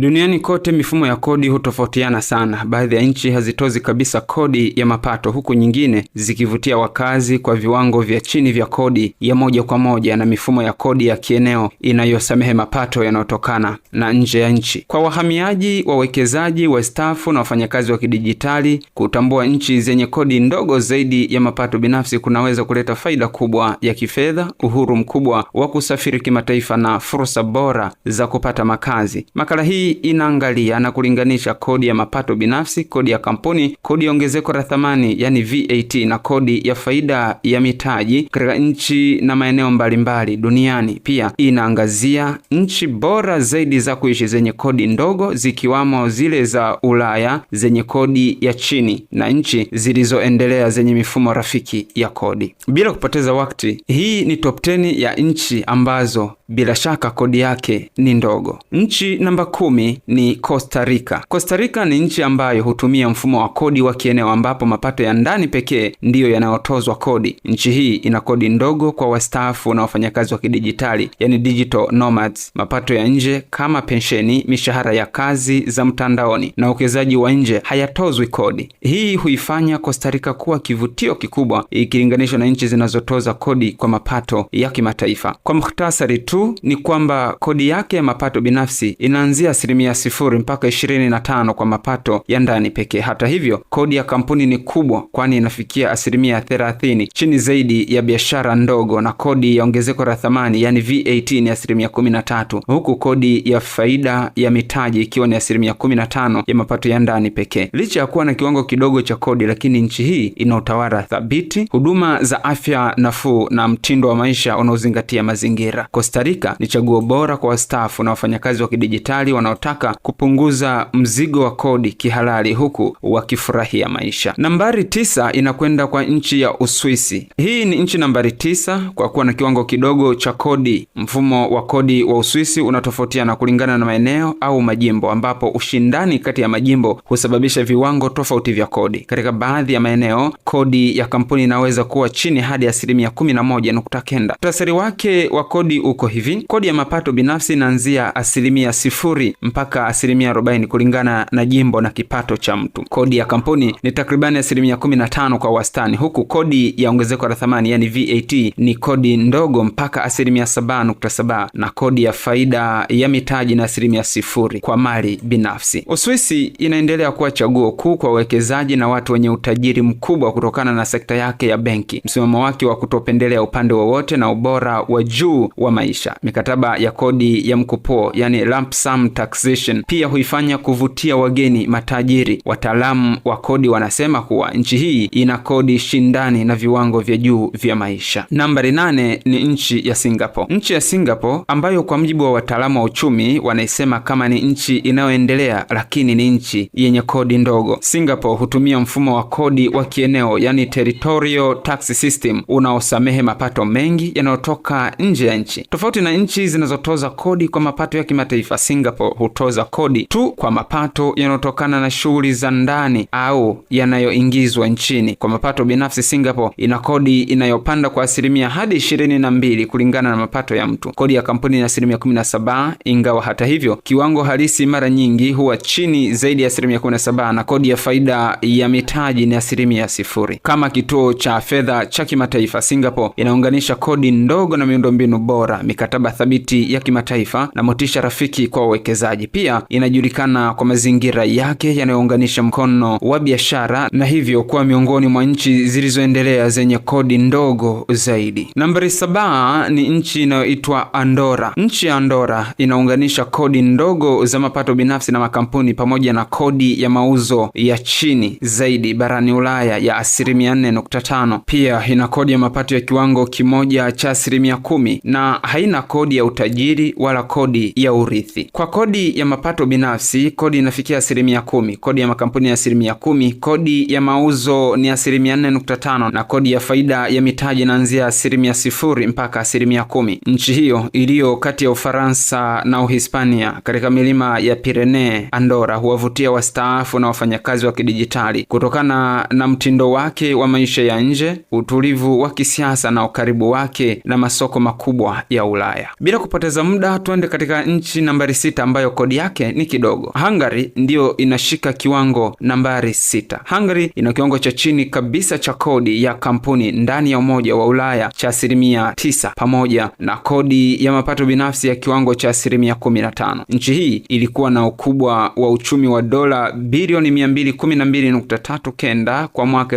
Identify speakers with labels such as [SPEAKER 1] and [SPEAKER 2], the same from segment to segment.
[SPEAKER 1] Duniani kote mifumo ya kodi hutofautiana sana. Baadhi ya nchi hazitozi kabisa kodi ya mapato, huku nyingine zikivutia wakazi kwa viwango vya chini vya kodi ya moja kwa moja na mifumo ya kodi ya kieneo inayosamehe mapato yanayotokana na nje ya nchi. Kwa wahamiaji, wawekezaji, wastaafu na wafanyakazi wa kidijitali, kutambua nchi zenye kodi ndogo zaidi ya mapato binafsi kunaweza kuleta faida kubwa ya kifedha, uhuru mkubwa wa kusafiri kimataifa na fursa bora za kupata makazi. Makala hii hii inaangalia na kulinganisha kodi ya mapato binafsi, kodi ya kampuni, kodi ya ongezeko la thamani yani VAT na kodi ya faida ya mitaji katika nchi na maeneo mbalimbali duniani. Pia inaangazia nchi bora zaidi za kuishi zenye kodi ndogo, zikiwamo zile za Ulaya zenye kodi ya chini na nchi zilizoendelea zenye mifumo rafiki ya kodi. Bila kupoteza wakati, hii ni top 10 ya nchi ambazo bila shaka kodi yake ni ndogo. Nchi namba kumi ni Costa Rica. Costa Rica ni nchi ambayo hutumia mfumo wa kodi wa kieneo ambapo mapato ya ndani pekee ndiyo yanayotozwa kodi. Nchi hii ina kodi ndogo kwa wastaafu na wafanyakazi wa kidijitali, yani digital nomads. Mapato ya nje kama pensheni, mishahara ya kazi za mtandaoni na uwekezaji wa nje hayatozwi kodi. Hii huifanya Costa Rica kuwa kivutio kikubwa ikilinganishwa na nchi zinazotoza kodi kwa mapato ya kimataifa. Kwa muhtasari tu tu ni kwamba kodi yake ya mapato binafsi inaanzia asilimia sifuri mpaka ishirini na tano kwa mapato ya ndani pekee. Hata hivyo, kodi ya kampuni ni kubwa, kwani inafikia asilimia thelathini, chini zaidi ya biashara ndogo, na kodi ya ongezeko la thamani yani VAT ni asilimia kumi na tatu, huku kodi ya faida ya mitaji ikiwa ni asilimia kumi na tano ya mapato ya ndani pekee. Licha ya kuwa na kiwango kidogo cha kodi, lakini nchi hii ina utawala thabiti, huduma za afya nafuu na mtindo wa maisha unaozingatia mazingira Costa kadhalika ni chaguo bora kwa wastaafu na wafanyakazi wa kidijitali wanaotaka kupunguza mzigo wa kodi kihalali huku wakifurahia maisha. Nambari tisa inakwenda kwa nchi ya Uswisi. Hii ni nchi nambari tisa kwa kuwa na kiwango kidogo cha kodi. Mfumo wa kodi wa Uswisi unatofautiana kulingana na maeneo au majimbo, ambapo ushindani kati ya majimbo husababisha viwango tofauti vya kodi. Katika baadhi ya maeneo kodi ya kampuni inaweza kuwa chini hadi asilimia 11.9. Mtasari wake wa kodi uko hivi hivi, kodi ya mapato binafsi inaanzia asilimia sifuri mpaka asilimia arobaini kulingana na jimbo na kipato cha mtu. Kodi ya kampuni ni takribani asilimia kumi na tano kwa wastani, huku kodi ya ongezeko la thamani yani VAT ni kodi ndogo mpaka asilimia saba nukta saba na kodi ya faida ya mitaji na asilimia sifuri kwa mali binafsi. Uswisi inaendelea kuwa chaguo kuu kwa uwekezaji na watu wenye utajiri mkubwa kutokana na sekta yake ya benki, msimamo wake wa kutopendelea upande wowote na ubora wa juu wa maisha kuimarisha mikataba ya kodi ya mkopo, yani lump sum taxation, pia huifanya kuvutia wageni matajiri. Wataalamu wa kodi wanasema kuwa nchi hii ina kodi shindani na viwango vya juu vya maisha. Nambari nane ni nchi ya Singapore. Nchi ya Singapore ambayo kwa mjibu wa wataalamu wa uchumi wanaisema kama ni nchi inayoendelea, lakini ni nchi yenye kodi ndogo. Singapore hutumia mfumo wa kodi wa kieneo, yani territorial tax system, unaosamehe mapato mengi yanayotoka nje ya nchi tofauti Tofauti na nchi zinazotoza kodi kwa mapato ya kimataifa, Singapore hutoza kodi tu kwa mapato yanayotokana na shughuli za ndani au yanayoingizwa nchini. Kwa mapato binafsi, Singapore ina kodi inayopanda kwa asilimia hadi ishirini na mbili kulingana na mapato ya mtu. Kodi ya kampuni ni asilimia 17, ingawa hata hivyo kiwango halisi mara nyingi huwa chini zaidi ya asilimia 17, na kodi ya faida ya mitaji ni asilimia sifuri. Kama kituo cha fedha cha kimataifa, Singapore inaunganisha kodi ndogo na miundombinu bora mikata mikataba thabiti ya kimataifa na motisha rafiki kwa wawekezaji. Pia inajulikana kwa mazingira yake yanayounganisha mkono wa biashara na hivyo kuwa miongoni mwa nchi zilizoendelea zenye kodi ndogo zaidi. Nambari saba ni nchi inayoitwa Andora. Nchi ya Andora inaunganisha kodi ndogo za mapato binafsi na makampuni pamoja na kodi ya mauzo ya chini zaidi barani Ulaya ya asilimia 4.5. Pia ina kodi ya mapato ya kiwango kimoja cha asilimia kumi na haina haina kodi ya utajiri wala kodi ya urithi. Kwa kodi ya mapato binafsi, kodi inafikia asilimia kumi, kodi ya makampuni ni asilimia kumi, kodi ya mauzo ni asilimia nne nukta tano na kodi ya faida ya mitaji inaanzia asilimia sifuri mpaka asilimia kumi. Nchi hiyo iliyo kati ya Ufaransa na Uhispania katika milima ya Pirene, Andora huwavutia wastaafu na wafanyakazi wa kidijitali kutokana na mtindo wake wa maisha ya nje, utulivu wa kisiasa na ukaribu wake na masoko makubwa ya ula. Ulaya. Bila kupoteza muda, twende katika nchi nambari sita ambayo kodi yake ni kidogo. Hungary ndiyo inashika kiwango nambari sita. Hungary ina kiwango cha chini kabisa cha kodi ya kampuni ndani ya Umoja wa Ulaya cha asilimia tisa pamoja na kodi ya mapato binafsi ya kiwango cha asilimia kumi na tano. Nchi hii ilikuwa na ukubwa wa uchumi wa dola bilioni kenda kwa mwaka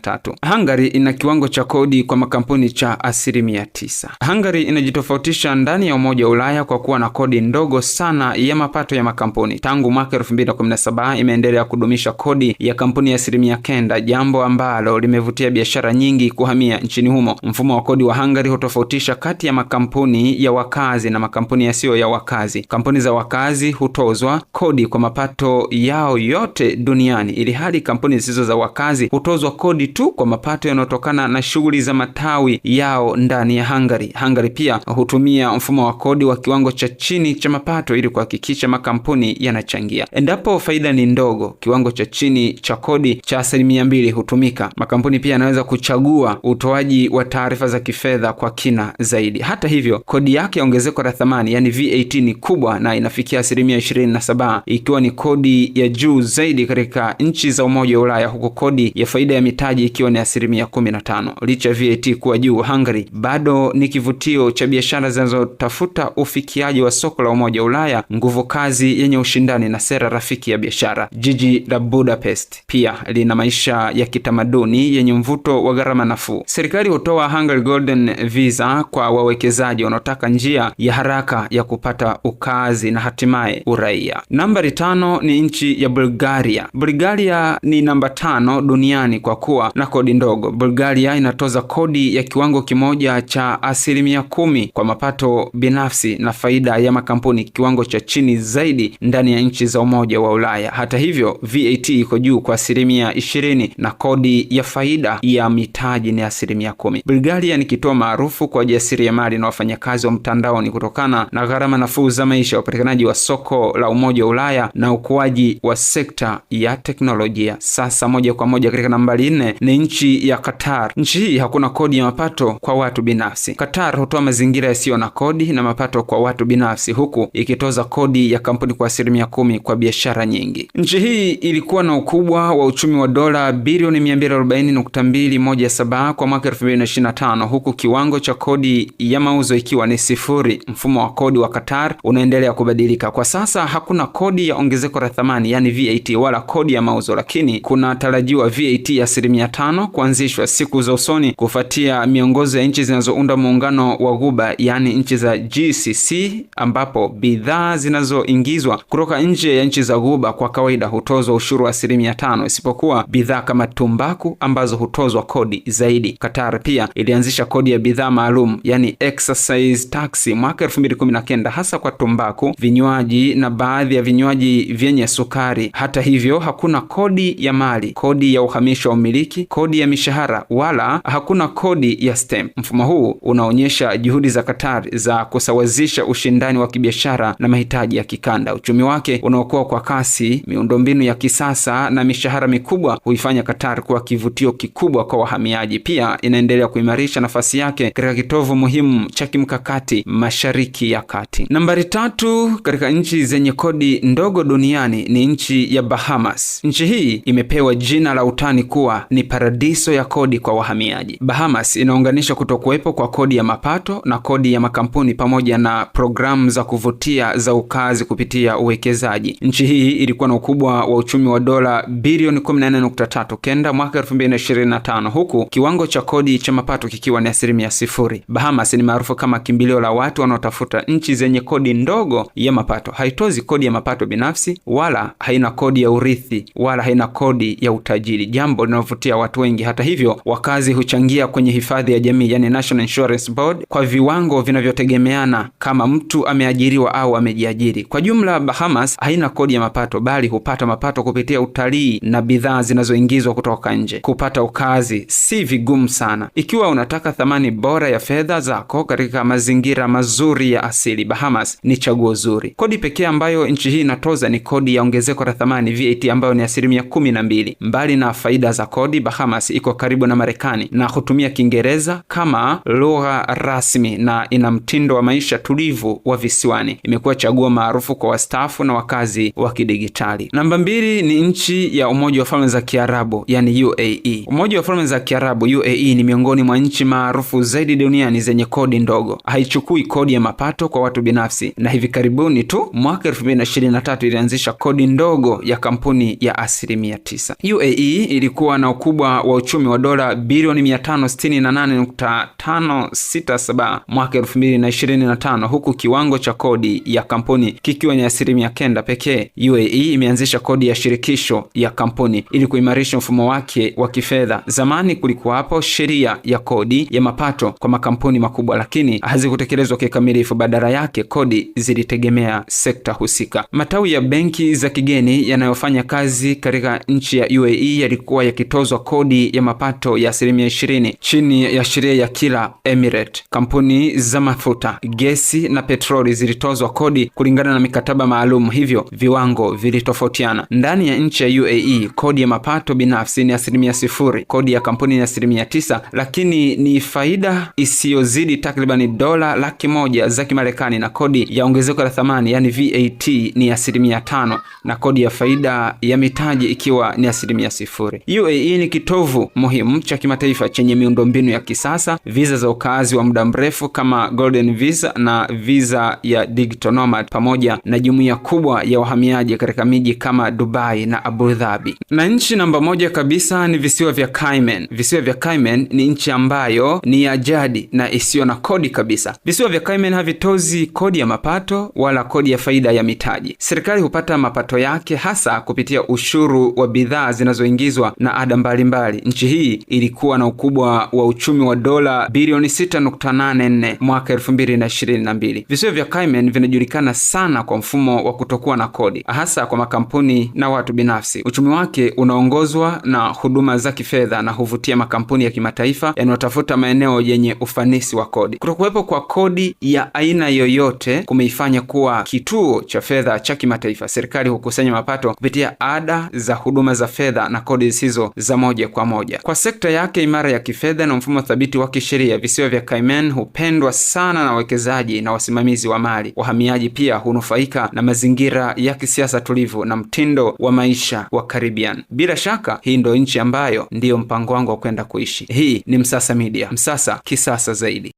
[SPEAKER 1] tatu. Hungary ina kiwango cha kodi kwa makampuni cha asilimia tisa. Hungary inajitofautisha ndani ya Umoja wa Ulaya kwa kuwa na kodi ndogo sana ya mapato ya makampuni. Tangu mwaka 2017 imeendelea kudumisha kodi ya kampuni ya asilimia kenda, jambo ambalo limevutia biashara nyingi kuhamia nchini humo. Mfumo wa kodi wa Hungary hutofautisha kati ya makampuni ya wakazi na makampuni yasiyo ya wakazi. Kampuni za wakazi hutozwa kodi kwa mapato yao yote duniani, ili hali kampuni zisizo za wakazi hutozwa kodi tu kwa mapato yanayotokana na shughuli za matawi yao ndani ya Hungary. Hungary pia hutumia mfumo wa kodi wa kiwango cha chini cha mapato ili kuhakikisha makampuni yanachangia. Endapo faida ni ndogo, kiwango cha chini cha kodi cha asilimia mbili hutumika. Makampuni pia yanaweza kuchagua utoaji wa taarifa za kifedha kwa kina zaidi. Hata hivyo, kodi yake ya ongezeko la thamani yani VAT ni kubwa na inafikia asilimia saba ikiwa ni kodi ya juu zaidi katika nchi za Umoja wa Ulaya, huku kodi ya faida ya mitaji ikiwa ni asilimia 15. Licha ya VAT kuwa juu, Hungary bado ni kivutio kivutio cha biashara zinazotafuta ufikiaji wa soko la Umoja wa Ulaya, nguvu kazi yenye ushindani na sera rafiki ya biashara. Jiji la Budapest pia lina maisha ya kitamaduni yenye mvuto wa gharama nafuu. Serikali hutoa Hungary Golden Visa kwa wawekezaji wanaotaka njia ya haraka ya kupata ukazi na hatimaye uraia. Nambari tano ni nchi ya Bulgaria. Bulgaria ni namba tano duniani kwa kuwa na kodi ndogo. Bulgaria inatoza kodi ya kiwango kimoja cha asilimia kumi kwa mapato binafsi na faida ya makampuni kiwango cha chini zaidi ndani ya nchi za Umoja wa Ulaya. Hata hivyo, VAT iko juu kwa asilimia ishirini na kodi ya faida ya mitaji ni asilimia kumi. Bulgaria ni kituo maarufu kwa mali na wafanyakazi wa mtandaoni kutokana na gharama nafuu za maisha, upatikanaji wa soko la Umoja wa Ulaya na ukuaji wa sekta ya teknolojia. Sasa moja kwa moja katika nambari nne ni nchi ya Qatar. Nchi hii hakuna kodi ya mapato kwa watu binafsi. Qatar hutoa kutoa mazingira yasiyo na kodi na mapato kwa watu binafsi, huku ikitoza kodi ya kampuni kwa asilimia kumi kwa biashara nyingi. Nchi hii ilikuwa na ukubwa wa uchumi wa dola bilioni 240.217 kwa mwaka 2025 huku kiwango cha kodi ya mauzo ikiwa ni sifuri. Mfumo wa kodi wa Qatar unaendelea kubadilika. Kwa sasa hakuna kodi ya ongezeko la thamani yani VAT wala kodi ya mauzo, lakini kuna tarajiwa VAT ya asilimia tano kuanzishwa siku za usoni kufuatia miongozo ya nchi zinazounda muungano wa wa Ghuba, yaani nchi za GCC, ambapo bidhaa zinazoingizwa kutoka nje ya nchi za Ghuba kwa kawaida hutozwa ushuru wa asilimia tano, isipokuwa bidhaa kama tumbaku ambazo hutozwa kodi zaidi. Qatar pia ilianzisha kodi ya bidhaa maalum, yaani excise tax mwaka 2019 hasa kwa tumbaku, vinywaji na baadhi ya vinywaji vyenye sukari. Hata hivyo, hakuna kodi ya mali, kodi ya uhamisho wa umiliki, kodi ya mishahara wala hakuna kodi ya stamp. Mfumo huu unaonyesha juhudi za Qatar za kusawazisha ushindani wa kibiashara na mahitaji ya kikanda. Uchumi wake unaokuwa kwa kasi, miundombinu ya kisasa na mishahara mikubwa huifanya Qatar kuwa kivutio kikubwa kwa wahamiaji. Pia inaendelea kuimarisha nafasi yake katika kitovu muhimu cha kimkakati Mashariki ya Kati. Nambari tatu katika nchi zenye kodi ndogo duniani ni nchi ya Bahamas. Nchi hii imepewa jina la utani kuwa ni paradiso ya kodi kwa wahamiaji. Bahamas inaunganisha kutokuwepo kwa kodi ya mapato mapato na kodi ya makampuni pamoja na programu za kuvutia za ukazi kupitia uwekezaji. Nchi hii ilikuwa na ukubwa wa uchumi wa dola bilioni 14.3 kenda mwaka 2025 huku kiwango cha kodi cha mapato kikiwa ni asilimia sifuri. Bahamas ni maarufu kama kimbilio la watu wanaotafuta nchi zenye kodi ndogo ya mapato. Haitozi kodi ya mapato binafsi wala haina kodi ya urithi wala haina kodi ya utajiri, jambo linalovutia watu wengi. Hata hivyo, wakazi huchangia kwenye hifadhi ya jamii, yani National Insurance Board kwa viwango vinavyotegemeana kama mtu ameajiriwa au amejiajiri. Kwa jumla, Bahamas haina kodi ya mapato, bali hupata mapato kupitia utalii na bidhaa zinazoingizwa kutoka nje. Kupata ukazi si vigumu sana ikiwa unataka thamani bora ya fedha zako katika mazingira mazuri ya asili. Bahamas ni chaguo zuri. Kodi pekee ambayo nchi hii inatoza ni kodi ya ongezeko la thamani VAT, ambayo ni asilimia kumi na mbili. Mbali na faida za kodi, Bahamas iko karibu na Marekani na hutumia Kiingereza kama lugha rasmi na ina mtindo wa maisha tulivu wa visiwani. Imekuwa chaguo maarufu kwa wastaafu na wakazi wa kidigitali. Namba mbili ni nchi ya Umoja wa Falme za Kiarabu, yani UAE. Umoja wa Falme za Kiarabu UAE ni miongoni mwa nchi maarufu zaidi duniani zenye kodi ndogo. Haichukui kodi ya mapato kwa watu binafsi, na hivi karibuni tu mwaka 2023 ilianzisha kodi ndogo ya kampuni ya asilimia 9. UAE ilikuwa na ukubwa wa uchumi wa dola bilioni 568.56 7 mwaka 2025 huku kiwango cha kodi ya kampuni kikiwa ni asilimia kenda pekee. UAE imeanzisha kodi ya shirikisho ya kampuni ili kuimarisha mfumo wake wa kifedha. Zamani kulikuwa hapo sheria ya kodi ya mapato kwa makampuni makubwa, lakini hazikutekelezwa kikamilifu. Badala yake kodi zilitegemea sekta husika. Matawi ya benki za kigeni yanayofanya kazi katika nchi ya UAE yalikuwa yakitozwa kodi ya mapato ya asilimia 20 chini ya sheria ya kila emirate kampuni za mafuta, gesi na petroli zilitozwa kodi kulingana na mikataba maalum, hivyo viwango vilitofautiana. Ndani ya nchi ya UAE kodi ya mapato binafsi ni asilimia sifuri, kodi ya kampuni ni asilimia tisa, lakini ni faida isiyozidi takribani dola laki moja za Kimarekani, na kodi ya ongezeko la thamani yani VAT ni asilimia tano, na kodi ya faida ya mitaji ikiwa ni asilimia sifuri. UAE ni kitovu muhimu cha kimataifa chenye miundombinu ya kisasa, viza za ukaazi wa muda mrefu kama Golden Visa na Visa ya Digital Nomad pamoja na jumuiya kubwa ya wahamiaji katika miji kama Dubai na Abu Dhabi. Na nchi namba moja kabisa ni visiwa vya Cayman. Visiwa vya Cayman ni nchi ambayo ni ya jadi na isiyo na kodi kabisa. Visiwa vya Cayman havitozi kodi ya mapato wala kodi ya faida ya mitaji. Serikali hupata mapato yake hasa kupitia ushuru wa bidhaa zinazoingizwa na ada mbalimbali. Nchi hii ilikuwa na ukubwa wa uchumi wa dola bilioni 6.8 18 mwaka 2022. Visiwa vya Cayman vinajulikana sana kwa mfumo wa kutokuwa na kodi, hasa kwa makampuni na watu binafsi. Uchumi wake unaongozwa na huduma za kifedha na huvutia makampuni ya kimataifa yanayotafuta maeneo yenye ufanisi wa kodi. Kutokuwepo kwa kodi ya aina yoyote kumeifanya kuwa kituo cha fedha cha kimataifa. Serikali hukusanya mapato kupitia ada za huduma za fedha na kodi zisizo za moja kwa moja. Kwa sekta yake imara ya kifedha na mfumo thabiti wa kisheria, visiwa vya Cayman Cayman hupendwa sana na wawekezaji na wasimamizi wa mali. Wahamiaji pia hunufaika na mazingira ya kisiasa tulivu na mtindo wa maisha wa Caribbean. Bila shaka hii ndio nchi ambayo ndiyo mpango wangu wa kwenda kuishi. Hii ni Msasa Media, Msasa kisasa zaidi.